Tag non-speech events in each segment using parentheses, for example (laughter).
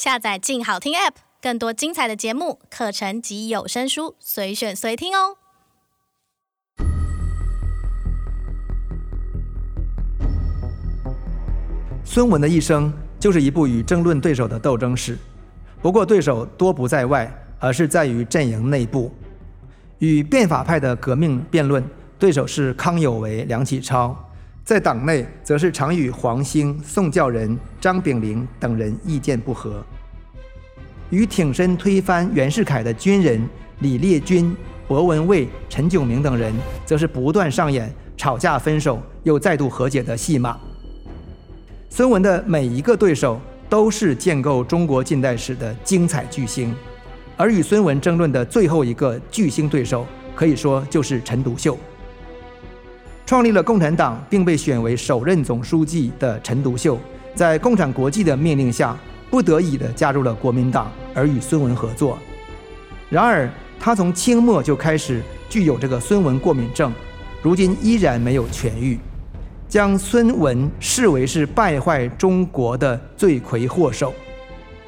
下載“靜好聽 ”App，更多精彩的節目、課程及有聲書，隨選隨聽哦。孫文的一生就是一部與爭論對手的鬥爭史，不過對手多不在外，而是在於陣營內部。與變法派的革命辯論，對手是康有為、梁啟超。在黨內，則是常與黃興、宋教仁、張炳麟等人意見不合；與挺身推翻袁世凱的軍人李烈鈞、柏文蔚、陳炯明等人，則是不斷上演吵架、分手又再度和解的戲碼。孫文的每一個對手都是建構中國近代史的精彩巨星，而與孫文爭論的最後一個巨星對手，可以說就是陳獨秀。創立了共產黨，並被選為首任總書記的陳獨秀，在共產國際的命令下，不得已的加入了國民黨，而與孫文合作。然而，他從清末就開始具有這個孫文過敏症，如今依然沒有痊癒，將孫文視為是敗壞中國的罪魁禍首。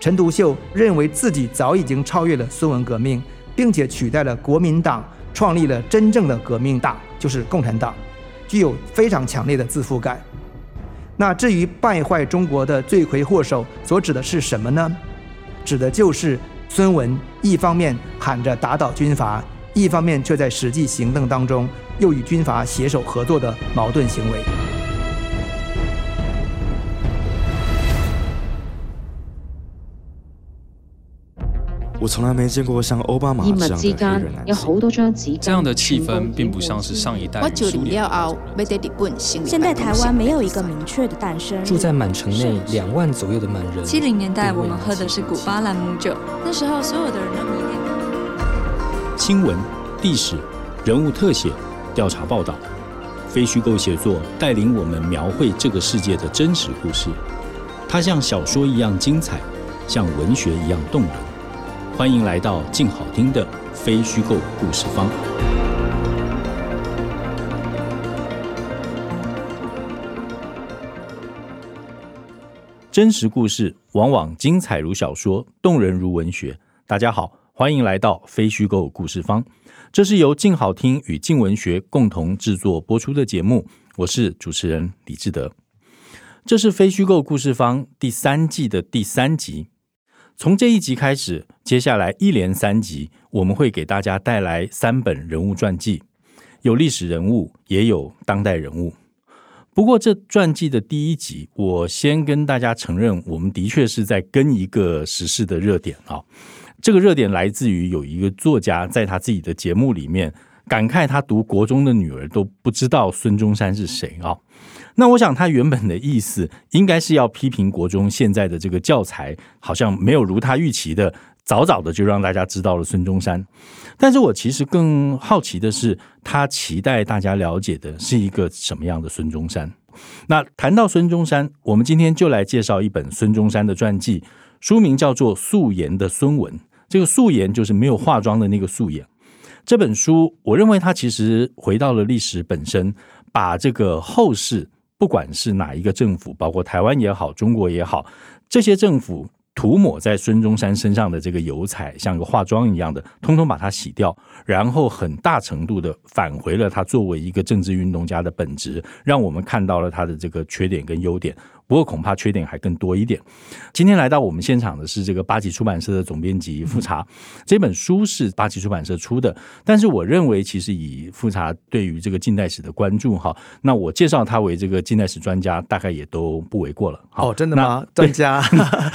陳獨秀認為自己早已經超越了孫文革命，並且取代了國民黨，創立了真正的革命黨，就是共產黨。具有非常強烈的自負感。那至於敗壞中國的罪魁禍首，所指的是什麼呢？指的就是孫文，一方面喊着打倒軍閥，一方面卻在實際行動當中又與軍閥攜手合作的矛盾行為。我從來沒見過像奧巴馬這樣的黑人男性。這樣的氣氛並不像是上一代的蘇聯的人。現在台灣沒有一個明確的誕生，日的誕生日。住在滿城內是是兩萬左右的滿人。七零年代我們喝的是古巴朗姆酒，嗯，那時候所有的人都迷戀。新聞、歷史、人物特寫、調查報道、非虛構寫作，帶領我們描繪這個世界的真實故事。它像小說一樣精彩，像文學一樣動人。歡迎來到鏡好聽的非虛構故事坊。真實故事往往精彩如小說，動人如文學。大家好，歡迎來到非虛構故事坊。這是由鏡好聽與鏡文學共同制作播出的節目。我是主持人李志德。這是非虛構故事坊第三季的第三集。從這一集開始，接下來一連三集，我們會給大家帶來三本人物傳記，有歷史人物，也有當代人物。不過，這傳記的第一集，我先跟大家承認，我們的確是在跟一個時事的熱點啊。這個熱點來自於有一個作家在他自己的節目裡面感慨，他讀國中的女兒都不知道孫中山是誰啊。那我想，他原本的意思應該是要批評國中現在的這個教材，好像沒有如他預期的早早的就讓大家知道了孫中山。但是我其實更好奇的是，他期待大家了解的是一個什麼樣的孫中山？那談到孫中山，我們今天就來介紹一本孫中山的傳記，書名叫做《素顏的孫文》。這個素顏就是沒有化妝的那個素顏。這本書，我認為它其實回到了歷史本身，把這個後世。不管是哪一個政府，包括台灣也好，中國也好，這些政府塗抹在孫中山身上的這個油彩，像個化妝一樣的，通通把它洗掉，然後很大程度的返回了他作為一個政治運動家的本質，讓我們看到了他的這個缺點跟優點。不過恐怕缺點還更多一點。今天來到我們現場的是這個八旗出版社的總編輯富察。這本書是八旗出版社出的。但是我認為，其實以富察對於這個近代史的關注，哈，那我介紹他為這個近代史專家，大概也都不為過了。好哦，真的嗎？專家，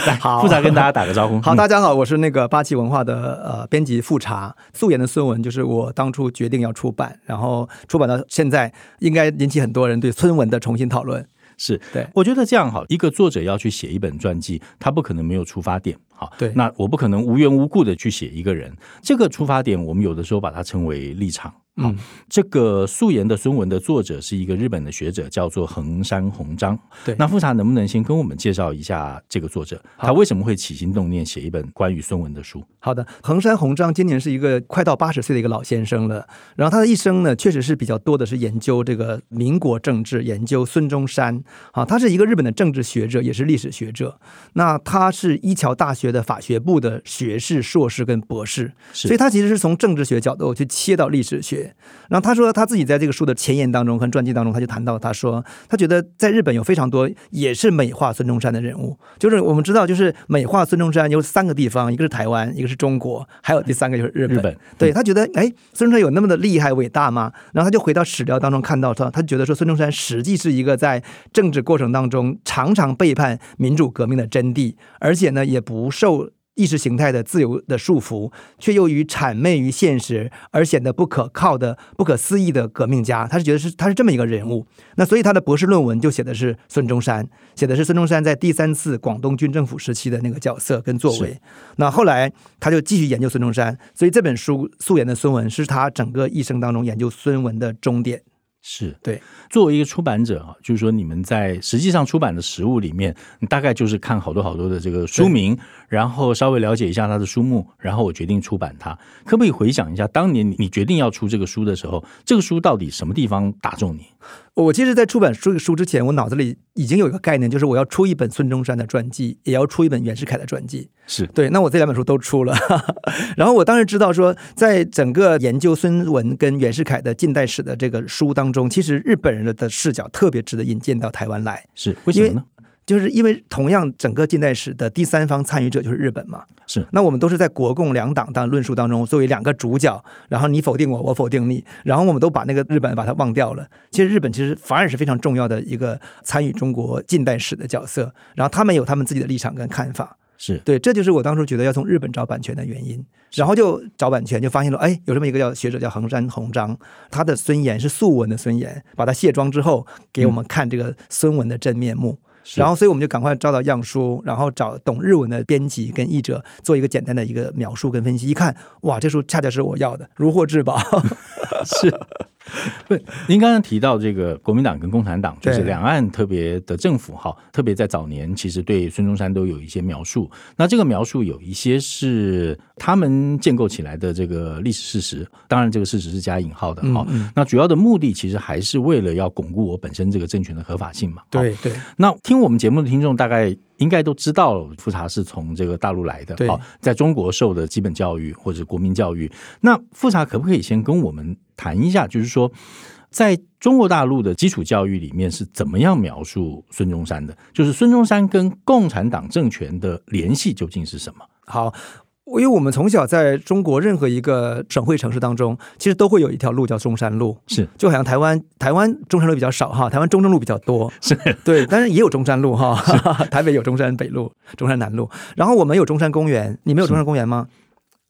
來 (laughs) 好，富察跟大家打個招呼、嗯。好，大家好，我是那個八旗文化的呃編輯富察素顏的孫文，就是我當初決定要出版，然後出版到現在，應該引起很多人對孫文的重新討論。是，對，我覺得這樣哈，一個作者要去寫一本傳記，他不可能沒有出發點，好，對，那我不可能無緣無故的去寫一個人，這個出發點，我們有的時候把它稱為立場。嗯，這個素顏的孫文的作者是一個日本的學者，叫做橫山宏章。對，那富察能不能先跟我們介紹一下這個作者？他為什麼會起心動念寫一本關於孫文的書？好的，橫山宏章今年是一個快到八十歲的一個老先生了。然後他的一生呢，確實是比較多的是研究這個民國政治，研究孫中山。啊，他是一個日本的政治學者，也是歷史學者。那他是一橋大學的法學部的學士、碩士跟博士，所以他其實是從政治學角度去切到歷史學。然後他說他自己在這個書的前言當中和傳記當中，他就談到，他說他覺得在日本有非常多也是美化孫中山的人物，就是我們知道，就是美化孫中山有三個地方，一個是台灣，一個是中國，還有第三個就是日本。對他覺得，哎，孫中山有那麼的厲害偉大嗎？然後他就回到史料當中看到，他他覺得說孫中山實際是一個在政治過程當中常常背叛民主革命的真諦，而且呢，也不受。意識形態的自由的束縛，卻又於諂媚於現實而顯得不可靠的、不可思議的革命家，他是覺得是他是這麼一個人物。那所以他的博士論文就寫的是孫中山，寫的是孫中山在第三次廣東軍政府時期的那個角色跟作為。那後來他就繼續研究孫中山，所以這本書《素顏的孫文》是他整個一生當中研究孫文的終點。是對，作為一個出版者啊，就是說你們在實際上出版的實物裡面，你大概就是看好多好多的這個書名，然後稍微了解一下它的書目，然後我決定出版它。可不可以回想一下當年你你決定要出這個書的時候，這個書到底什麼地方打中你？我其實，在出版這個書之前，我腦子裡已經有一個概念，就是我要出一本孫中山的傳記，也要出一本袁世凱的傳記。是對，那我這兩本書都出了。 (laughs) 然後，我當時知道說，在整個研究孫文跟袁世凱的近代史的這個書當中，其實日本人的視角特別值得引薦到台灣來。是，為什麼呢？就是因為同樣，整個近代史的第三方參與者就是日本嘛。是，那我們都是在國共兩黨的論述當中作為兩個主角，然後你否定我，我否定你，然後我們都把那個日本把它忘掉了。嗯。其實日本其實反而是非常重要的一個參與中國近代史的角色，然後他們有他們自己的立場跟看法。是對，這就是我當初覺得要從日本找版權的原因。然後就找版權，就發現了，哎，有這麼一個叫學者叫橫山宏章，他的孫文是素顏的孫文，把他卸妝之後給我們看這個孫文的真面目。嗯嗯然後，所以我們就趕快找到樣書，然後找懂日文的編輯跟譯者做一個簡單的一個描述跟分析，一看，哇，這書恰恰是我要的，如獲至寶。 (laughs) (laughs) 是。您剛剛提到這個國民黨跟共產黨，就是兩岸特別的政府哈，特別在早年，其實對孫中山都有一些描述。那這個描述有一些是他們建構起來的這個歷史事實，當然這個事實是加引號的哈。嗯嗯。那主要的目的其實還是為了要鞏固我本身這個政權的合法性嘛。對對。那聽我們節目的聽眾大概應該都知道，富察是從這個大陸來的，好，在中國受的基本教育或者國民教育。那富察可不可以先跟我們？談一下，就是說，在中國大陸的基礎教育裡面是怎麼樣描述孫中山的？就是孫中山跟共產黨政權的聯繫究竟是什麼？好，因為我們從小在中國任何一個省會城市當中，其實都會有一條路叫中山路，是。就好像台灣，台灣中山路比較少哈，台灣中正路比較多，是。對，但是也有中山路哈， (laughs) 台北有中山北路、中山南路，然後我們有中山公園，你沒有中山公園嗎？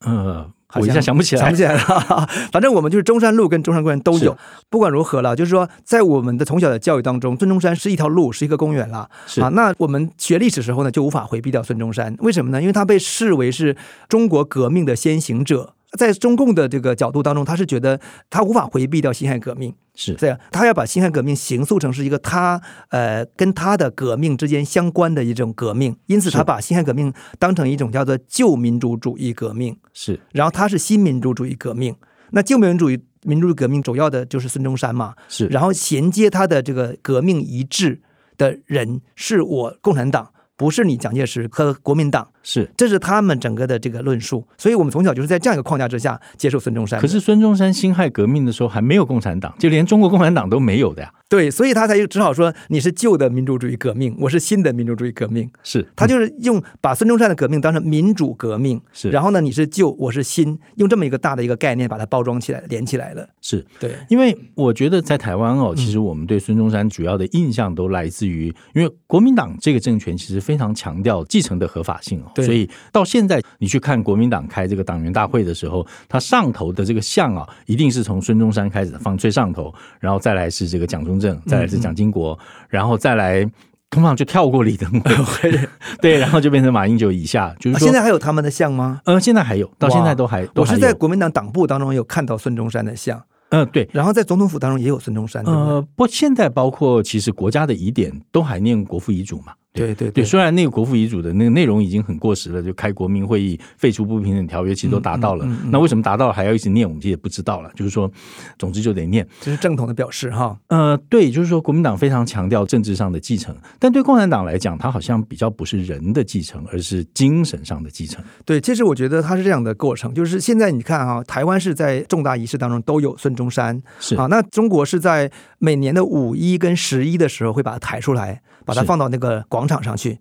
嗯。呃我一下想不起來想，想不起來了。 (laughs) 反正我們就是中山路跟中山公園都有。不管如何了，就是說，在我們的從小的教育當中，孫中山是一條路，是一個公園了。是啊，那我們學歷史時候呢，就無法回避掉孫中山。為什麼呢？因為他被視為是中國革命的先行者。在中共的這個角度當中，他是覺得他無法回避掉辛亥革命，是這樣，他要把辛亥革命形塑成是一個他呃跟他的革命之間相關的一種革命，因此他把辛亥革命當成一種叫做舊民主主義革命，是，然後他是新民主主義革命，那舊民主主義民主革命主要的就是孫中山嘛，是，然後銜接他的這個革命一致的人是我共產黨。不是你蔣介石和國民黨是，這是他們整個的這個論述，所以我們從小就是在這樣一個框架之下接受孫中山。可是孫中山辛亥革命的時候還沒有共產黨，就連中國共產黨都沒有的呀。對，所以他才只好說，你是舊的民主主義革命，我是新的民主主義革命。是，嗯、他就是用把孫中山的革命當成民主革命，是。然後呢，你是舊，我是新，用這麼一個大的一個概念把它包裝起來，連起來了。是，對。因為我覺得在台灣哦，嗯、其實我們對孫中山主要的印象都來自於，因為國民黨這個政權其實非常強調繼承的合法性哦，對。所以到現在你去看國民黨開這個黨員大會的時候，他上頭的這個像啊、哦，一定是從孫中山開始放最上頭，然後再來是這個蔣中政，再來是蔣經國。嗯嗯，然後再來，通常就跳過李登輝，嗯、 (laughs) 對，然後就變成馬英九以下。就是現在還有他們的像嗎？嗯、呃，現在還有，到現在都還，都還。我是在國民黨黨部當中有看到孫中山的像，嗯、呃，對。然後在總統府當中也有孫中山。對對，呃，不，現在包括其實國家的儀典，都還念國父遺囑嘛。對，對對對，對，雖然那個國父遺囑的那個內容已經很過時了，就開國民會議、廢除不平等條約，其實都達到了。嗯嗯嗯、那為什麼達到了還要一直念？我們這也不知道了。就是說，總之就得念，這是正統的表示哈。呃，對，就是說，國民黨非常強調政治上的繼承，但對共產黨來講，他好像比較不是人的繼承，而是精神上的繼承。對，其實我覺得他是這樣的過程，就是現在你看哈，台灣是在重大儀式當中都有孫中山，是。啊，那中國是在每年的五一跟十一的時候會把它抬出來，把它放到那個廣。廣場上去，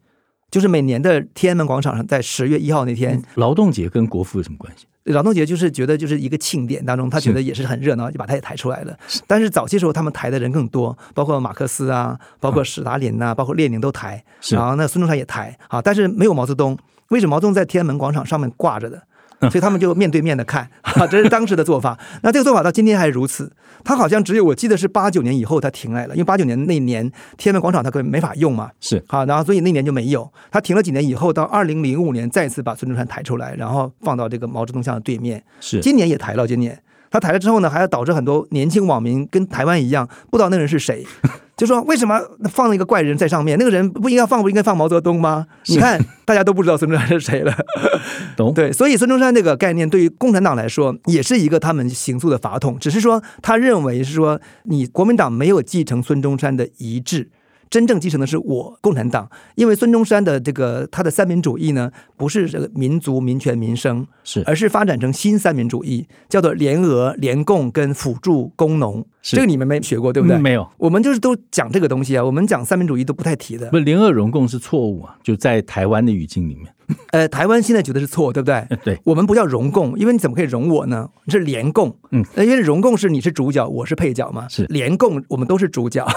就是每年的天安門廣場上，在十月一號那天，勞動節跟國父有什麼關係？勞動節就是覺得就是一個慶典當中，他覺得也是很熱鬧，就把他也抬出來了。但是早期時候他們抬的人更多，包括馬克思啊，包括史達林吶、啊啊，包括列寧都抬，然後那孫中山也抬啊，但是沒有毛澤東。為什麼毛澤東在天安門廣場上面掛着的？ (laughs) 所以他們就面對面的看，這是當時的做法。那這個做法到今天還是如此。他好像只有我記得是八九年以後他停來了，因為八九年那一年天安門廣場他根本沒法用嘛。是，好，然後所以那年就沒有。他停了幾年以後，到二零零五年再次把孫中山抬出來，然後放到這個毛澤東像的對面。是，今年也抬了。今年他抬了之後呢，還要導致很多年輕網民跟台灣一樣，不知道那人是誰。就說為什麼放了一個怪人在上面？那個人不應該放，不應該放毛澤東嗎？你看，大家都不知道孫中山是誰了。懂？ (laughs) 對，所以孫中山這個概念對於共產黨來說，也是一個他們形塑的法統。只是說，他認為是說你國民黨沒有繼承孫中山的遺志。真正繼承的是我共產黨，因為孫中山的這個他的三民主義呢，不是這個民族、民權、民生，是而是發展成新三民主義，叫做聯俄、聯共跟輔助工農。這個你們沒學過，對不對？嗯、沒有，我們就是都講這個東西啊，我們講三民主義都不太提的。不，聯俄容共是錯誤啊，就在台灣的語境裡面。呃，台灣現在覺得是錯，對不對、嗯？對，我們不叫容共，因為你怎麼可以容我呢？你是聯共，嗯，因為容共是你是主角，我是配角嘛。是聯共，我們都是主角。 (laughs)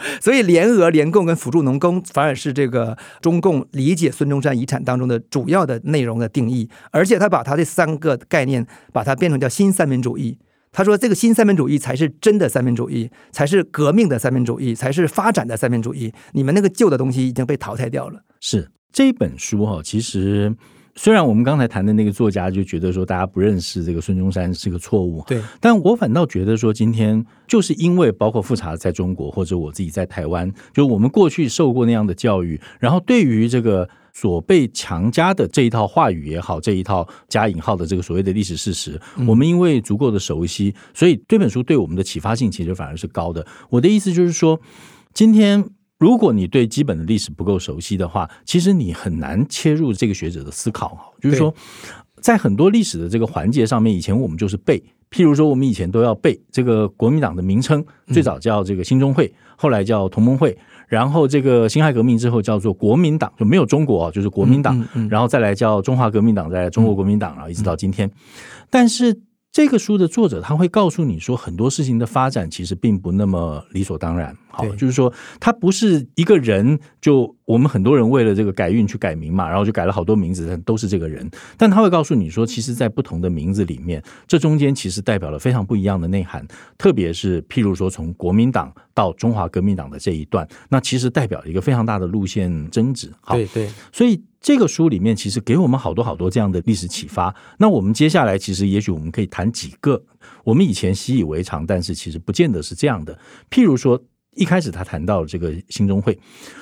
(laughs) 所以，聯俄、聯共跟扶助農工反而是這個中共理解孫中山遺產當中的主要的內容的定義，而且他把他這三個概念把它變成叫新三民主義。他說，這個新三民主義才是真的三民主義，才是革命的三民主義，才是發展的三民主義。你們那個舊的東西已經被淘汰掉了是。是這本書哈、哦，其實。雖然我們剛才談的那個作家就覺得說大家不認識這個孫中山是個錯誤，對，但我反倒覺得說今天就是因為包括復查在中國，或者我自己在台灣，就我們過去受過那樣的教育，然後對於這個所被強加的這一套話語也好，這一套加引號的這個所謂的歷史事實，嗯、我們因為足夠的熟悉，所以這本書對我們的啟發性其實反而是高的。我的意思就是說，今天。如果你對基本的歷史不夠熟悉的話，其實你很難切入這個學者的思考。就是說，在很多歷史的這個環節上面，以前我們就是背，譬如說，我們以前都要背這個國民黨的名稱，最早叫這個興中會，後來叫同盟會，然後這個辛亥革命之後叫做國民黨，就沒有中國，就是國民黨、嗯嗯，然後再來叫中華革命黨，再來中國國民黨，然後一直到今天。但是這個書的作者他會告訴你說，很多事情的發展其實並不那麼理所當然。好，就是說，他不是一個人，就我們很多人為了這個改運去改名嘛，然後就改了好多名字，但都是這個人。但他會告訴你說，其實，在不同的名字裡面，這中間其實代表了非常不一樣的內涵。特別是，譬如說，從國民黨到中華革命黨的這一段，那其實代表了一個非常大的路線爭執。對對，所以這個書裡面其實給我們好多好多這樣的歷史啟發。那我們接下來，其實也許我們可以談幾個我們以前習以為常，但是其實不見得是這樣的，譬如說。一開始他談到了這個興中會，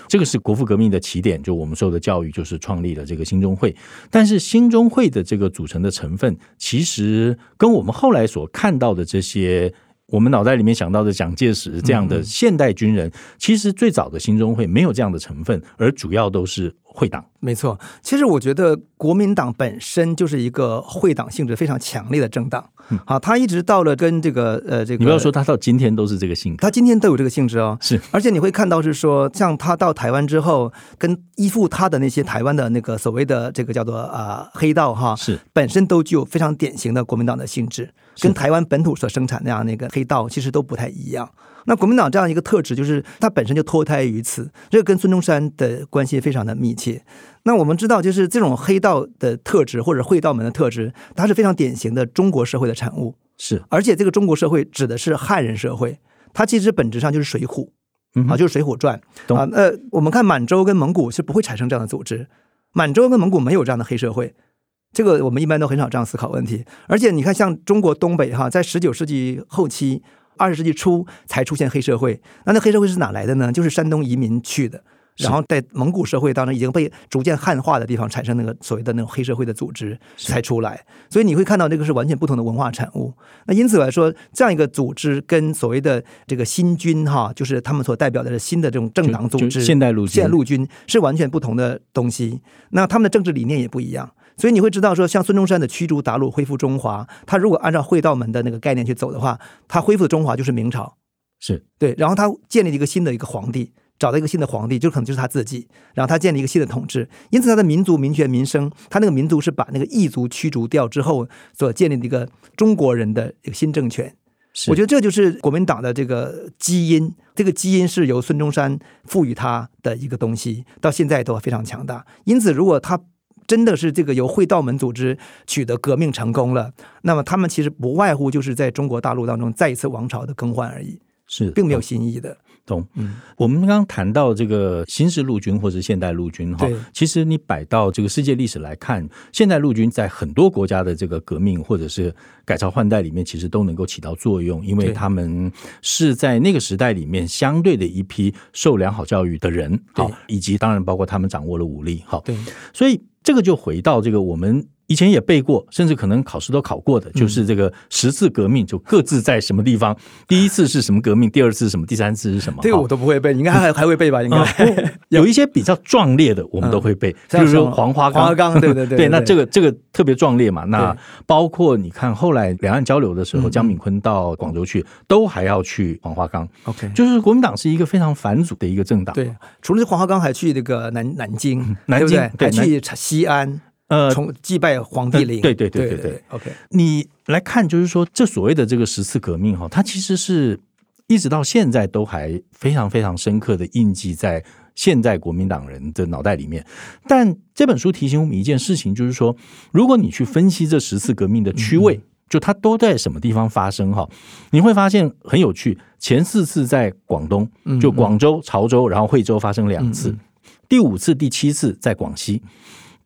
這個是國父革命的起點，就我們受的教育就是創立了這個興中會，但是興中會的這個組成的成分，其實跟我們後來所看到的這些。我們腦袋裡面想到的蔣介石這樣的現代軍人，其實最早的興中會，沒有這樣的成分，而主要都是會黨。沒錯，其實我覺得國民黨本身就是一個會黨性質非常強烈的政黨。好、嗯啊，他一直到了跟這個呃，這個你不要說他到今天都是這個性質，他今天都有這個性質哦。是，而且你會看到是說，像他到台灣之後，跟依附他的那些台灣的那個所謂的這個叫做呃黑道哈，是本身都具有非常典型的國民黨的性質。跟台灣本土所生產那樣那個黑道其實都不太一樣。那國民黨這樣一個特質，就是它本身就脫胎於此，這個跟孫中山的關係非常的密切。那我們知道，就是這種黑道的特質或者會道門的特質，它是非常典型的中國社會的產物。是，而且這個中國社會指的是漢人社會，它其實本質上就是水滸、嗯、啊，就是水滸傳啊。那、呃、我們看滿洲跟蒙古是不會產生這樣的組織，滿洲跟蒙古沒有這樣的黑社會。這個我們一般都很少這樣思考問題，而且你看，像中國東北哈，在十九世紀後期，二十世紀初才出現黑社會，那那黑社會是哪來的呢？就是山東移民去的，然後在蒙古社會當中已經被逐漸漢化的地方產生那個所謂的那種黑社會的組織才出來，所以你會看到這個是完全不同的文化產物。那因此來說，這樣一個組織跟所謂的這個新軍哈，就是他們所代表的是新的這種政黨組織、現代陸、現陸軍是完全不同的東西，那他們的政治理念也不一樣。所以你會知道，說像孫中山的驅逐韃虜、恢復中華，他如果按照會道門的那個概念去走的話，他恢復的中華就是明朝，是對。然後他建立一個新的一個皇帝，找到一個新的皇帝，就可能就是他自己。然後他建立一個新的統治，因此他的民族、民權、民生，他那個民族是把那個異族驅逐掉之後所建立的一個中國人的一個新政權。是，我覺得這就是國民黨的這個基因，這個基因是由孫中山賦予他的一個東西，到現在都非常強大。因此，如果他真的是這個由會道門組織取得革命成功了。那麼他們其實不外乎就是在中國大陸當中再一次王朝的更換而已，是並沒有新意的。懂嗯，我們剛剛談到這個新式陸軍或是現代陸軍哈，其實你擺到這個世界歷史來看，現代陸軍在很多國家的這個革命或者是改朝換代裡面，其實都能夠起到作用，因為他們是在那個時代裡面相對的一批受良好教育的人，對，好以及當然包括他們掌握了武力，好，對，所以。這個就回到這個我們。以前也背過，甚至可能考試都考過的，嗯，就是這個十次革命，就各自在什麼地方，嗯。第一次是什麼革命？第二次什麼？第三次是什麼？嗯，這個我都不會背，應該還、嗯、還會背吧？應該、嗯、 (laughs) 有，有，有，有一些比較壯烈的，我們都會背，嗯，比如說黃花崗。黃花崗，呵呵對，對，對對對。 (laughs) 對，那這個這個特別壯烈嘛。那包括你看，後來兩岸交流的時候，嗯，江丙坤到廣州去，都還要去黃花崗。OK，嗯，就是國民黨是一個非常反祖的一個政黨。Okay, 對，除了黃花崗，還去那個南南京，嗯、南京對對對南，還去西安。呃，從祭拜黃帝陵、呃，對對對對對，對對對。OK，你來看，就是說這所謂的這個十次革命哈、哦，它其實是一直到現在都還非常非常深刻的印記在現在國民黨人的腦袋裡面。但這本書提醒我們一件事情，就是說如果你去分析這十次革命的區位，、嗯，就它都在什麼地方發生哈、哦嗯，你會發現很有趣。前四次在廣東，嗯、就廣州、潮州，然後惠州發生兩次、嗯嗯，第五次、第七次在廣西。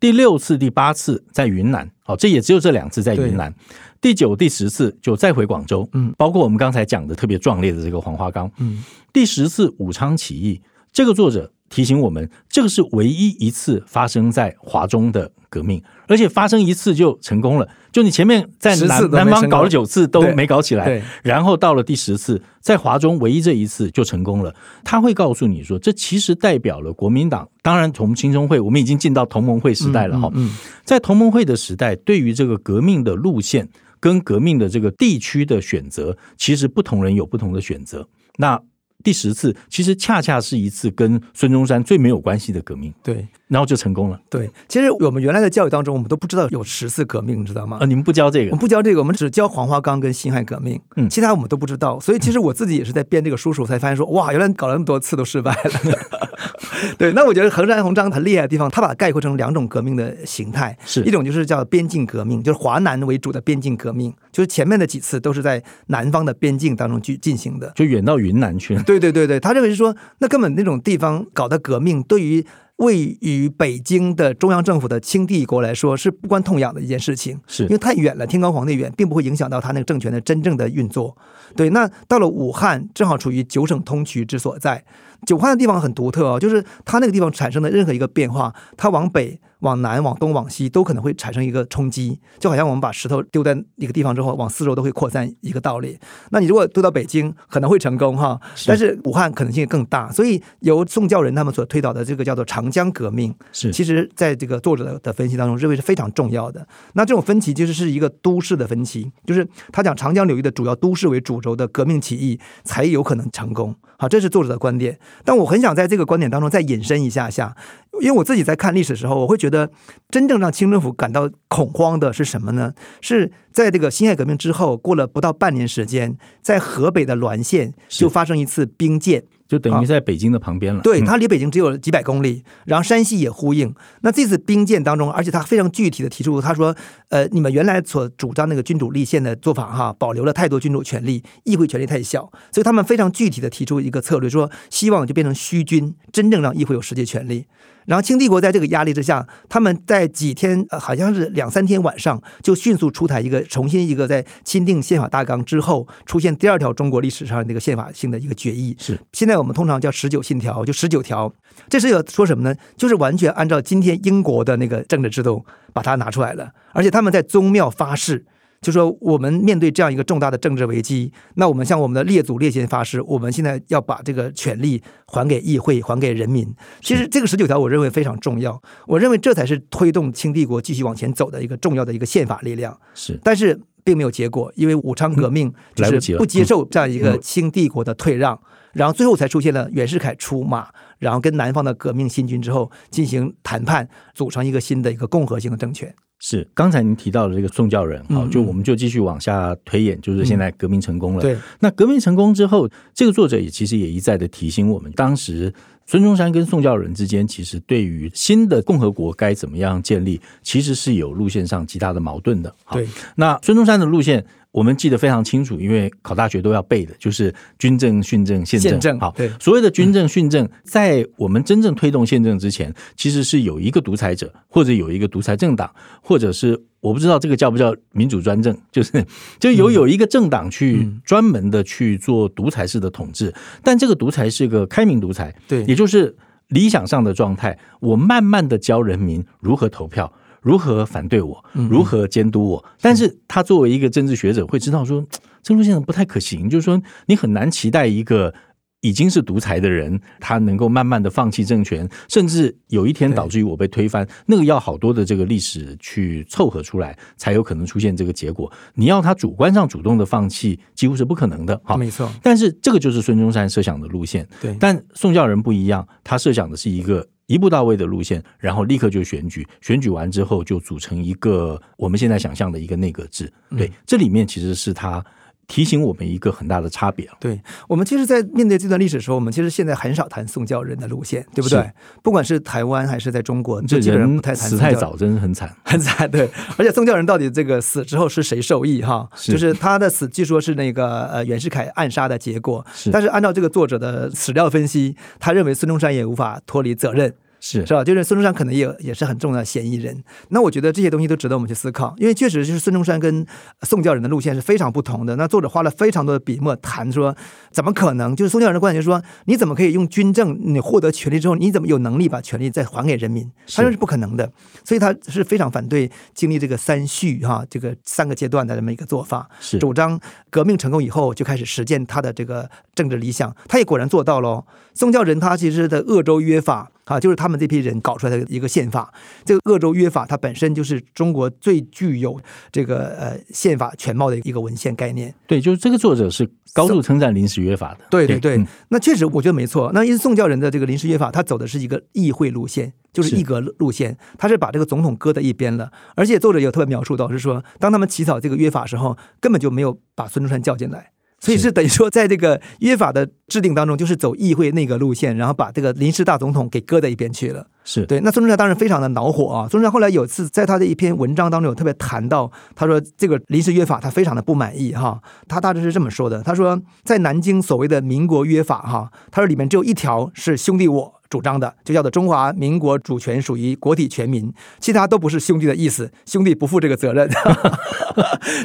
第六次、第八次在雲南，好、哦，這也只有這兩次在雲南。第九、第十次就再回廣州，嗯，包括我們剛才講的特別壯烈的這個黃花崗，嗯，第十次武昌起義，這個作者，提醒我們，這個是唯一一次發生在華中的革命，而且發生一次就成功了。就你前面在南南方搞了九次都沒搞起來，然後到了第十次，在華中唯一這一次就成功了。他會告訴你說，這其實代表了國民黨。當然，從興中會，我們已經進到同盟會時代了哈、嗯嗯嗯。在同盟會的時代，對於這個革命的路線跟革命的這個地區的選擇，其實不同人有不同的選擇。那第十次，其實恰恰是一次跟孫中山最沒有關係的革命。對。然後就成功了。對，其實我們原來的教育當中，我們都不知道有十次革命，你知道嗎？啊、呃，你們不教這個？我們不教這個，我們只教黃花崗跟辛亥革命，嗯，其他我們都不知道。所以，其實我自己也是在編這個書時候才發現說，說哇，原來搞了那麼多次都失敗了。 (laughs) 對，那我覺得，橫山宏章他厲害的地方，他把它概括成兩種革命的形態，是一種就是叫邊境革命，就是華南為主的邊境革命，就是前面的幾次都是在南方的邊境當中去進行的，就遠到雲南去。對對對對，他認為是說，那根本那種地方搞的革命，對於位於北京的中央政府的清帝國來說是不關痛癢的一件事情，是因為太遠了，天高皇帝遠，並不會影響到他那個政權的真正的運作。對，那到了武漢，正好處於九省通衢之所在。武漢的地方很獨特哦，就是它那個地方產生的任何一個變化，它往北、往南、往東、往西都可能會產生一個衝擊，就好像我們把石頭丟在一個地方之後，往四周都會擴散一個道理。那你如果丟到北京，可能會成功哈，但是武漢可能性更大。所以由宋教仁他們所推導的這個叫做“長江革命”，是其實在這個作者的分析當中認為是非常重要的。那這種分歧其實是一個都市的分歧，就是他講長江流域的主要都市為主軸的革命起義才有可能成功。好，這是作者的觀點，但我很想在這個觀點當中再引申一下下，因為我自己在看歷史的時候，我會覺得，真正讓清政府感到恐慌的是什麼呢？是在這個辛亥革命之後，過了不到半年時間，在河北的灤縣就發生一次兵諫。就等於在北京的旁邊了。啊、對，它離北京只有幾百公里，然後山西也呼應。嗯、那這次兵諫當中，而且他非常具體的提出，他說：“呃，你們原來所主張那個君主立憲的做法，哈，保留了太多君主權力，議會權力太小，所以他們非常具體的提出一個策略，說希望就變成虛君，真正讓議會有實際權力。”然後清帝國在這個壓力之下，他們在幾天，呃、好像是兩三天晚上，就迅速出台一個重新一個在欽定憲法大綱之後出現第二條中國歷史上的那個憲法性的一個決議。是，現在我們通常叫十九信條，就十九條。這是要說什麼呢？就是完全按照今天英國的那個政治制度把它拿出來了，而且他們在宗廟發誓。就說我們面對這樣一個重大的政治危機，那我們向我們的列祖列先發誓，我們現在要把這個權力還給議會，還給人民。其實這個十九條，我認為非常重要。我認為這才是推動清帝國繼續往前走的一個重要的一個憲法力量。是，但是並沒有結果，因為武昌革命就是不接受這樣一個清帝國的退讓，然後最後才出現了袁世凱出馬，然後跟南方的革命新軍之後進行談判，組成一個新的一個共和性的政權。是，剛才您提到了這個宋教仁，好，就我們就繼續往下推演，就是現在革命成功了。嗯。對，那革命成功之後，這個作者也其實也一再的提醒我們，當時孫中山跟宋教仁之間，其實對於新的共和國該怎麼樣建立，其實是有路線上極大的矛盾的。好，對。，那孫中山的路線。我們記得非常清楚，因為考大學都要背的，就是軍政、訓政、憲政。好，對，所謂的軍政、訓政，在我們真正推動憲政之前，其實是有一個獨裁者，或者有一個獨裁政黨，或者是我不知道這個叫不叫民主專政，就是就有有一個政黨去專門的去做獨裁式的統治。但這個獨裁是個開明獨裁，對，也就是理想上的狀態。我慢慢的教人民如何投票。如何反對我？如何監督我。嗯。但是他作為一個政治學者，會知道說，這路線不太可行。就是說，你很難期待一個已經是獨裁的人，他能夠慢慢的放棄政權，甚至有一天導致於我被推翻。那個要好多的這個歷史去湊合出來，才有可能出現這個結果。你要他主觀上主動的放棄，幾乎是不可能的。哈，沒錯。但是這個就是孫中山設想的路線。對。但宋教仁不一樣，他設想的是一個。一步到位的路線，然後立刻就選舉，選舉完之後就組成一個我們現在想象的一個內閣制。對，這裡面其實是他。提醒我們一個很大的差別了。對，我們，其實，在面對這段歷史的時候，我們其實現在很少談宋教仁的路線，對不對？不管是台灣還是在中國，這幾個人不太慘，死太早，真的很慘，很慘。對，而且宋教仁到底這個死之後是誰受益？哈，就是他的死，據說是那個呃袁世凱暗殺的結果。是，但是按照這個作者的史料分析，他認為孫中山也無法脫離責任。是是吧？就是孫中山可能也也是很重要的嫌疑人。那我覺得這些東西都值得我們去思考，因為確實就是孫中山跟宋教仁的路線是非常不同的。那作者花了非常多的筆墨談說，怎麼可能？就是宋教仁的觀點，就是說，你怎麼可以用軍政，你獲得權力之後，你怎麼有能力把權力再還給人民？他認為是不可能的，所以他是非常反對經歷這個三序哈這個三個階段的這麼一個做法，是主張革命成功以後就開始實踐他的這個。政治理想，他也果然做到了。宋教仁，他其實的鄂州約法啊，就是他們這批人搞出來的一個憲法。這個鄂州約法，它本身就是中國最具有這個呃憲法全貌的一個文獻概念。對，就是這個作者是高度稱讚臨時約法的。So, 對對對、嗯，那確實我覺得沒錯。那因為宋教仁的這個臨時約法，他走的是一個議會路線，就是議格路線，他是把這個總統擱在一邊了。而且作者也特別描述到，是說當他們起草這個約法時候，根本就沒有把孫中山叫進來。所以是等於說，在這個約法的制定當中，就是走議會那個路線，然後把這個臨時大總統給擱在一邊去了。是對。那孫中山當時非常的惱火啊！孫中山後來有一次在他的一篇文章當中，特別談到，他說這個臨時約法他非常的不滿意哈。他大致是這麼說的：他說，在南京所謂的民國約法哈，他說裡面只有一條是兄弟我。主張的就叫做中華民國主權屬於國體全民，其他都不是兄弟的意思，兄弟不負這個責任。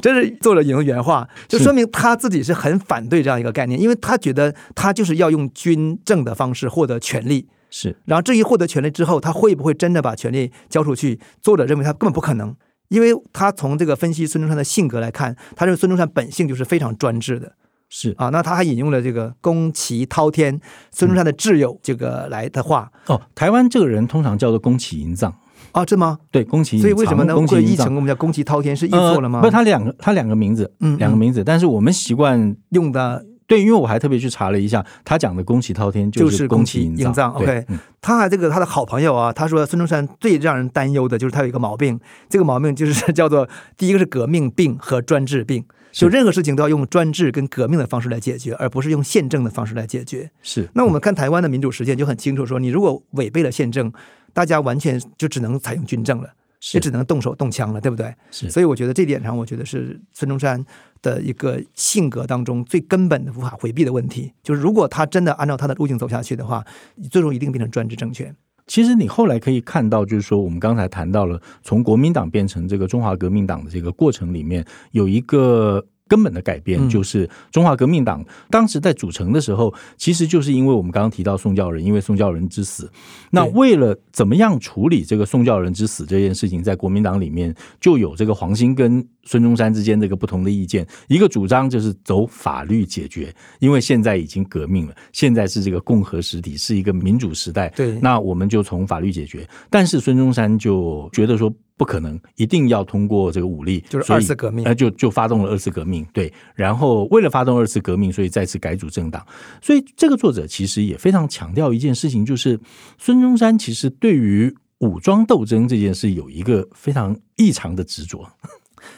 這 (laughs) 是作者引用原話，就說明他自己是很反對這樣一個概念，因為他覺得他就是要用軍政的方式獲得權力。是，然後至於獲得權力之後，他會不會真的把權力交出去？作者認為他根本不可能，因為他從這個分析孫中山的性格來看，他認為孫中山本性就是非常專制的。是啊，那他還引用了這個宮崎滔天、孫中山的摯友這個來的話哦。台灣這個人通常叫做宮崎寅藏啊，是嗎？對，宮崎，所以為什麼呢？宮崎寅藏我們叫宮崎滔天是譯錯了嗎？不是，他兩個他兩個名字，嗯，兩個名字，但是我們習慣用的對，因為我還特別去查了一下，他講的宮崎滔天就是宮崎寅藏。OK，、就是嗯、他還這個他的好朋友啊，他說孫中山最讓人擔憂的就是他有一個毛病，這個毛病就是叫做第一個是革命病和專制病。就任何事情都要用專制跟革命的方式來解決，而不是用憲政的方式來解決。是。那我們看台灣的民主實踐就很清楚，說你如果違背了憲政，大家完全就只能採用軍政了，也只能動手動槍了，對不對？是。所以我覺得這點上，我覺得是孫中山的一個性格當中最根本的無法回避的問題，就是如果他真的按照他的路徑走下去的話，最終一定變成專制政權。其實你後來可以看到，就是說我們剛才談到了從國民黨變成這個中華革命黨的這個過程裡面，有一個根本的改變就是中華革命黨當時在組成的時候，其實就是因為我們剛剛提到宋教仁，因為宋教仁之死，那為了怎麼樣處理這個宋教仁之死這件事情，在國民黨裡面就有這個黃興跟孫中山之間這個不同的意見。一個主張就是走法律解決，因為現在已經革命了，現在是這個共和實體，是一個民主時代。對，那我們就從法律解決。但是孫中山就覺得說。不可能，一定要通過這個武力，就是二次革命，那、呃、就就發動了二次革命。對，然後為了發動二次革命，所以再次改組政黨。所以這個作者其實也非常強調一件事情，就是孫中山其實對於武裝鬥爭這件事有一個非常異常的執着。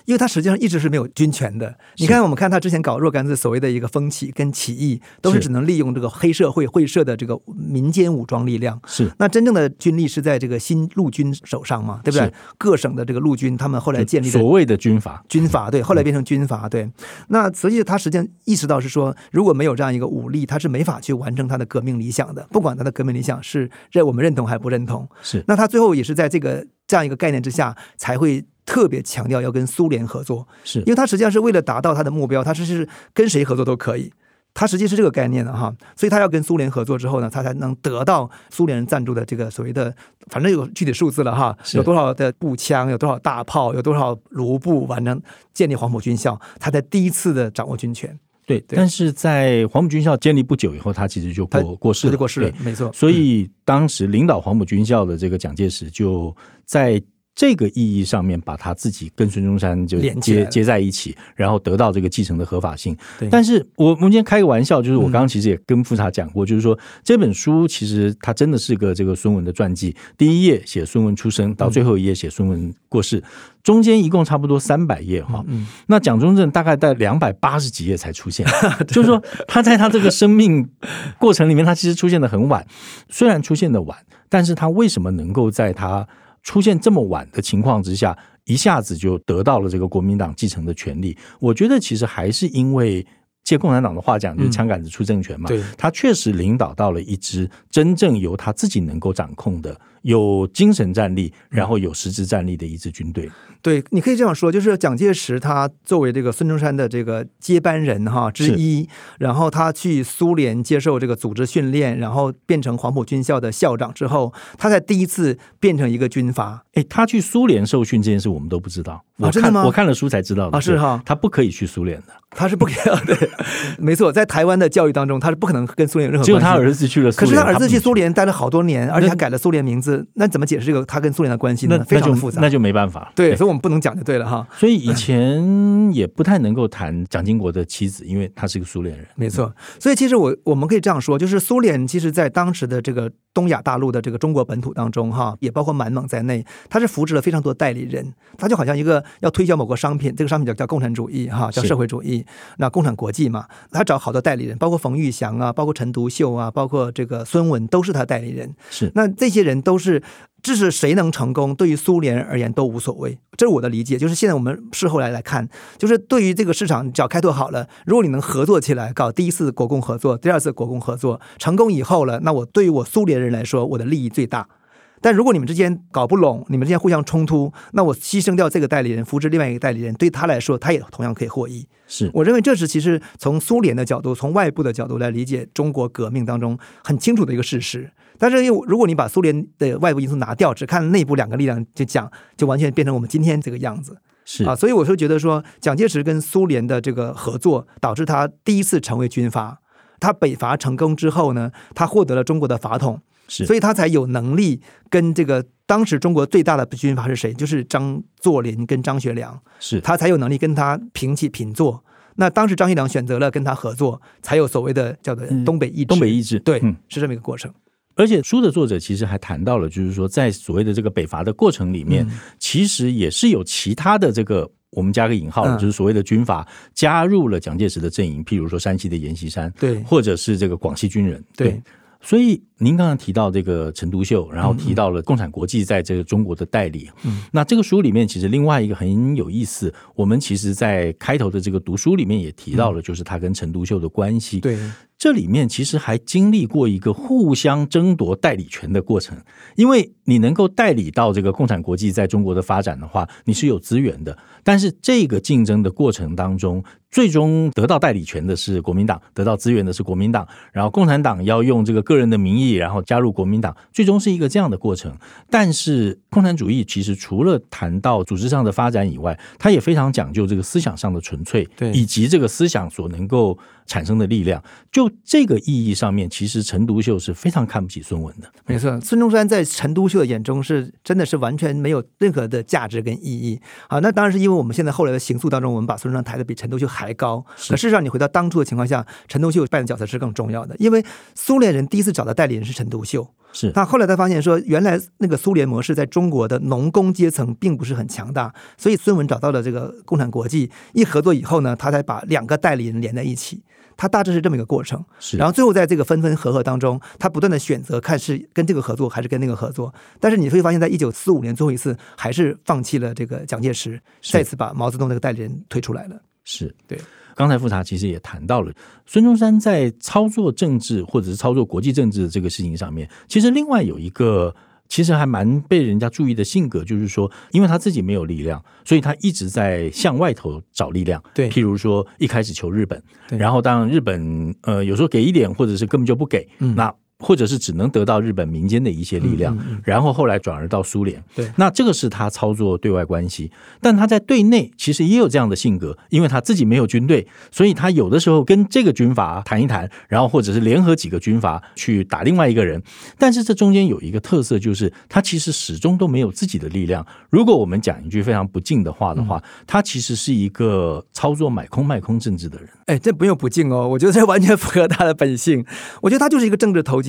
因為他實際上一直是沒有軍權的。你看，我們看他之前搞若干次所謂的一個風起跟起義，都是只能利用這個黑社會會社的這個民間武裝力量。是。那真正的軍力是在這個新陸軍手上嘛？對不對？各省的這個陸軍，他們後來建立所謂的軍閥，軍閥對，後來變成軍閥對。那實際他實際上意識到是說，如果沒有這樣一個武力，他是沒法去完成他的革命理想的。不管他的革命理想是認我們認同還不認同。是。那他最後也是在這個這樣一個概念之下才會，特別強調要跟蘇聯合作，是因為他實際上是為了達到他的目標，他是跟誰合作都可以，他實際是這個概念的、啊、哈。所以他要跟蘇聯合作之後呢，他才能得到蘇聯人贊助的這個所謂的，反正有具體數字了哈，有多少的步槍，有多少大炮，有多少盧布，才能建立黃埔軍校。他才第一次的掌握軍權。對，但是在黃埔軍校建立不久以後，他其實就過就過世了，就過世了，沒錯。所以當時領導黃埔軍校的這個蔣介石就在。這個意義上面，把他自己跟孫中山就連接接在一起，然後得到這個繼承的合法性。但是我我們今天開個玩笑，就是我剛剛其實也跟富察講過，嗯、就是說這本書其實他真的是個這個孫文的傳記，第一頁寫孫文出生，到最後一頁寫孫文過世，嗯、中間一共差不多三百頁哈、嗯嗯。那蔣中正大概在兩百八十幾頁才出現， (laughs) 就是說他在他這個生命過程裡面，他其實出現得很晚。雖然出現得晚，但是他為什麼能夠在他出現這麼晚的情況之下，一下子就得到了這個國民黨繼承的權利。我覺得其實還是因為。借共產黨的話講，就是槍桿子出政權嘛。嗯，對，他確實領導到了一支真正由他自己能夠掌控的，有精神戰力，嗯，然後有實質戰力的一支軍隊。對，你可以這樣說，就是蔣介石他作為這個孫中山的這個接班人哈之一，然後他去蘇聯接受這個組織訓練，然後變成黃埔軍校的校長之後，他才第一次變成一個軍閥。誒，他去蘇聯受訓這件事，我們都不知道。我看、哦、真的嗎？我看了書才知道的。啊，是哈，他不可以去蘇聯的，他是不可以、啊對。沒錯，在台灣的教育當中，他是不可能跟蘇聯有任何。只有他兒子去了蘇聯。可是他兒子去，蘇聯，兒子去蘇、聯蘇聯待了好多年，而且他改了蘇聯名字那，那怎麼解釋這個他跟蘇聯的關係呢？那那非常複雜，那就沒辦法。對，所以我們不能講就對了哈。所以以前也不太能夠談蔣經國的妻子，因為他是一個蘇聯人。嗯、沒錯。所以其實我我們可以這樣說，就是蘇聯其實，在當時的這個東亞大陸的這個中國本土當中，哈，也包括滿蒙在內，他是扶植了非常多的代理人，他就好像一個。要推銷某個商品，這個商品叫叫共產主義，哈，叫社會主義。那共產國際嘛，他找好多代理人，包括馮玉祥啊，包括陳獨秀啊，包括這個孫文，都是他代理人。是，那這些人都是，這是誰能成功，對於蘇聯而言都無所謂。這是我的理解，就是現在我們事後來來看，就是對於這個市場，你只要開拓好了，如果你能合作起來，搞第一次國共合作，第二次國共合作，成功以後了，那我對於我蘇聯人來說，我的利益最大。但如果你們之間搞不攏，你們之間互相衝突，那我犧牲掉這個代理人，扶持另外一個代理人，對他來說，他也同樣可以獲益。是，我認為這是其實從蘇聯的角度，從外部的角度來理解中國革命當中很清楚的一個事實。但是，如果你把蘇聯的外部因素拿掉，只看內部兩個力量就講，就完全變成我們今天這個樣子。是啊，所以我就覺得說，蔣介石跟蘇聯的這個合作，導致他第一次成為軍閥。他北伐成功之後呢，他獲得了中國的法統。所以他才有能力跟這個當時中國最大的軍閥是誰？就是張作霖跟張學良。是，他才有能力跟他平起平坐。那當時張學良選擇了跟他合作，才有所謂的叫做東北易幟。嗯、東北易幟對、嗯，是這麼一個過程。而且書的作者其實還談到了，就是說在所謂的這個北伐的過程裡面，嗯、其實也是有其他的這個我們加個引號，就是所謂的軍閥加入了蔣介石的陣營，嗯、譬如說山西的閻錫山，對，或者是這個廣西軍人，嗯、對。對所以您剛剛提到這個陳獨秀，然後提到了共產國際在這個中國的代理。嗯，嗯，那這個書裡面其實另外一個很有意思，我們其實在開頭的這個讀書裡面也提到了，就是他跟陳獨秀的關係。嗯。嗯，對。這裡面其實還經歷過一個互相爭奪代理權的過程，因為你能夠代理到這個共產國際在中國的發展的話，你是有資源的。但是這個競爭的過程當中，最終得到代理權的是國民黨，得到資源的是國民黨。然後共產黨要用這個個人的名義，然後加入國民黨，最終是一個這樣的過程。但是共產主義其實除了談到組織上的發展以外，它也非常講究這個思想上的純粹，以及這個思想所能夠。產生的力量，就這個意義上面，其實陳獨秀是非常看不起孫文的。沒錯，孫中山在陳獨秀的眼中是真的是完全沒有任何的價值跟意義。好、啊，那當然是因為我們現在後來的形塑當中，我們把孫中山抬得比陳獨秀還高。可事實上，你回到當初的情況下，陳獨秀扮演角色是更重要的，因為蘇聯人第一次找到代理人是陳獨秀。是，但後來他發現說，原來那個蘇聯模式在中國的農工階層並不是很強大，所以孫文找到了這個共產國際，一合作以後呢，他才把兩個代理人連在一起。他大致是這麼一個過程，是。然後最後在這個分分合合當中，他不斷的選擇看是跟這個合作還是跟那個合作。但是你會發現，在一九四五年最後一次，還是放棄了這個蔣介石，是。再次把毛澤東這個代理人推出來了。是對。剛才複查其實也談到了孫中山在操作政治或者是操作國際政治這個事情上面，其實另外有一個。其實還蠻被人家注意的性格，就是說，因為他自己沒有力量，所以他一直在向外頭找力量。對。譬如說一開始求日本，然後當然日本呃有時候給一點，或者是根本就不給。嗯、那。或者是只能得到日本民間的一些力量嗯嗯嗯，然後後來轉而到蘇聯。對，那這個是他操作對外關係，但他在對內其實也有這樣的性格，因為他自己沒有軍隊，所以他有的時候跟這個軍閥談一談，然後或者是聯合幾個軍閥去打另外一個人。但是這中間有一個特色，就是他其實始終都沒有自己的力量。如果我們講一句非常不敬的話的話，嗯，他其實是一個操作買空賣空政治的人。哎、欸，這不用不敬哦，我覺得這完全符合他的本性。我覺得他就是一個政治投機。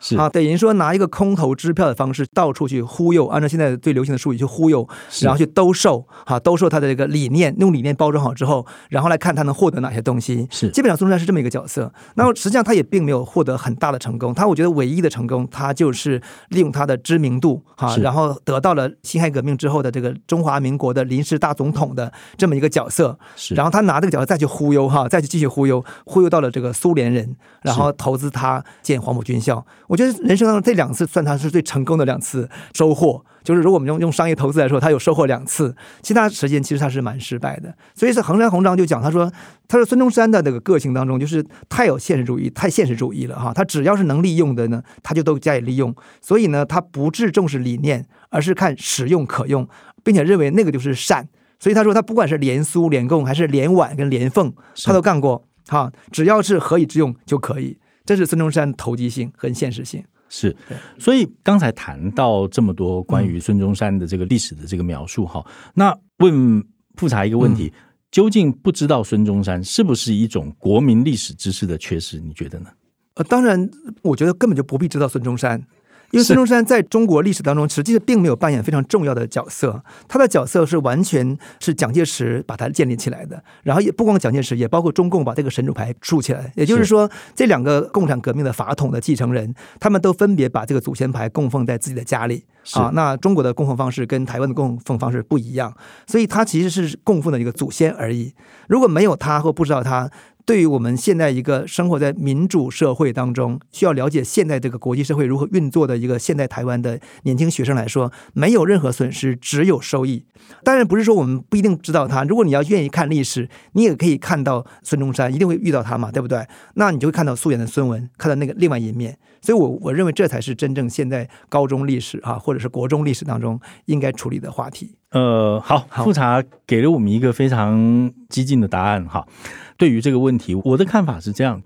是啊，等於說拿一個空頭支票的方式到處去忽悠，按照現在最流行的術語去忽悠，然後去兜售，哈、啊，兜售他的這個理念，用理念包裝好之後，然後來看他能獲得哪些東西。是，基本上孫中山是這麼一個角色。那麼實際上他也並沒有獲得很大的成功。他我覺得唯一的成功，他就是利用他的知名度，哈、啊，然後得到了辛亥革命之後的這個中華民國的臨時大總統的這麼一個角色。是，然後他拿這個角色再去忽悠，哈、啊，再去繼續忽悠，忽悠到了這個蘇聯人，然後投資他建黃埔軍校。我覺得人生當中這兩次算他是最成功的兩次收穫，就是如果我們用用商業投資來說，他有收穫兩次，其他時間其實他是蠻失敗的。所以是橫山宏章就講，他說，他說孫中山的那個個性當中，就是太有現實主義，太現實主義了哈。他只要是能利用的呢，他就都加以利用。所以呢，他不至重視理念，而是看實用可用，並且認為那個就是善。所以他說，他不管是聯蘇、聯共，還是聯皖跟聯奉，他都幹過哈。只要是可以致用就可以。嗯這是孫中山的投機性和現實性，是。所以剛才談到這麼多關於孫中山的這個歷史的這個描述哈、嗯，那問復查一個問題、嗯：究竟不知道孫中山是不是一種國民歷史知識的缺失？你覺得呢？呃，當然，我覺得根本就不必知道孫中山。因為孫中山在中國歷史當中，實際上並沒有扮演非常重要的角色，他的角色是完全是蔣介石把他建立起來的，然後也不光蔣介石，也包括中共把這個神主牌豎起來。也就是說，這兩個共產革命的法統的繼承人，他們都分別把這個祖先牌供奉在自己的家裡。啊，那中國的供奉方式跟台灣的供奉方式不一樣，所以他其實是供奉的一個祖先而已。如果沒有他或不知道他，對於我們現在一個生活在民主社會當中，需要了解現在這個國際社會如何運作的一個現代台灣的年輕學生來說，沒有任何損失，只有收益。當然不是說我們不一定知道他，如果你要願意看歷史，你也可以看到孫中山，一定會遇到他嘛，對不對？那你就會看到素顏的孫文，看到那個另外一面。所以我，我我認為這才是真正現在高中歷史啊，或者是國中歷史當中應該處理的話題。呃，好，富察給了我們一個非常激進的答案，哈。對於這個問題，我的看法是這樣。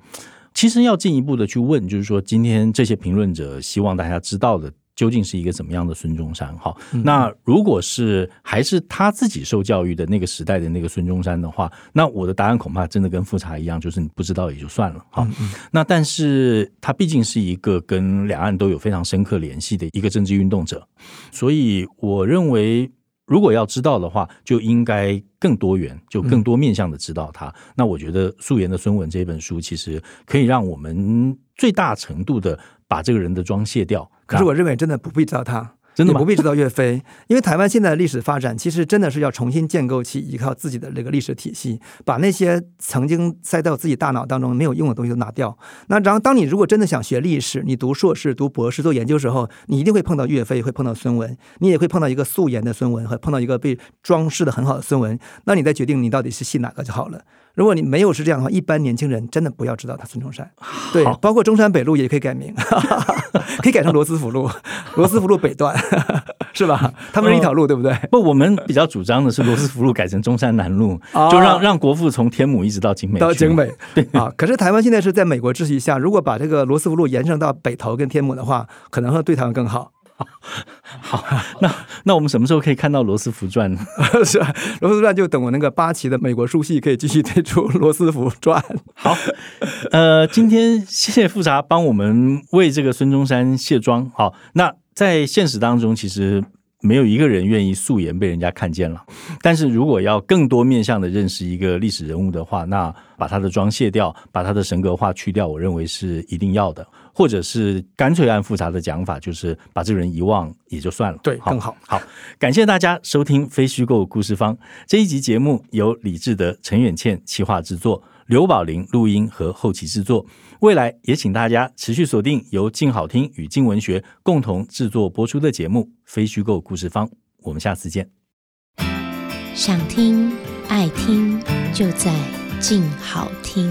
其實要進一步的去問，就是說，今天這些評論者希望大家知道的，究竟是一個怎麼樣的孫中山？哈、嗯，那如果是還是他自己受教育的那個時代的那個孫中山的話，那我的答案恐怕真的跟復查一樣，就是你不知道也就算了。哈、嗯嗯，那但是他畢竟是一個跟兩岸都有非常深刻聯繫的一個政治運動者，所以我認為。如果要知道的話，就應該更多元，就更多面向的知道他。嗯。那我覺得《素顏的孫文》這本書，其實可以讓我們最大程度的把這個人的妝卸掉。可是我認為，真的不必知道他。真的不必知道岳飛，因為台灣現在的歷史發展，其實真的是要重新建構起一套自己的那個歷史體系，把那些曾經塞到自己大腦當中沒有用的東西都拿掉。那然後，當你如果真的想學歷史，你讀碩士、讀博士做研究時候，你一定會碰到岳飛，會碰到孫文，你也會碰到一個素顏的孫文和碰到一個被裝飾的很好的孫文，那你再決定你到底是信哪個就好了。如果你沒有是這樣的話，一般年輕人真的不要知道他孫中山。對，包括中山北路也可以改名， (laughs) 可以改成羅斯福路，羅斯福路北段 (laughs) 是吧、嗯？他們是一條路、嗯，對不對？不，我們比較主張的是羅斯福路改成中山南路， (laughs) 就讓讓國父從天母一直到景美。到景美。對。啊！可是台灣現在是在美國秩序下，如果把這個羅斯福路延伸到北投跟天母的話，可能會對他們更好。好，那那我們什麼時候可以看到《羅斯福傳？》 (laughs) 是、啊《羅斯福傳》就等我那個八旗的美國書系可以繼續推出《羅斯福傳》。好，呃，今天謝謝富察幫我們為這個孫中山卸妝。好，那在現實當中，其實沒有一個人願意素顏被人家看見了。但是如果要更多面向的認識一個歷史人物的話，那把他的妝卸掉，把他的神格化去掉，我認為是一定要的。或者是乾脆按複雜的講法，就是把這個人遺忘也就算了。對，更好。好，感謝大家收聽《非虛構故事坊》這一集節目，由李志德、陳遠倩企劃製作，劉寶林錄音和後期製作。未來也請大家持續鎖定由靜好聽與靜文學共同製作播出的節目《非虛構故事坊》。我們下次見。想聽，愛聽，就在靜好聽。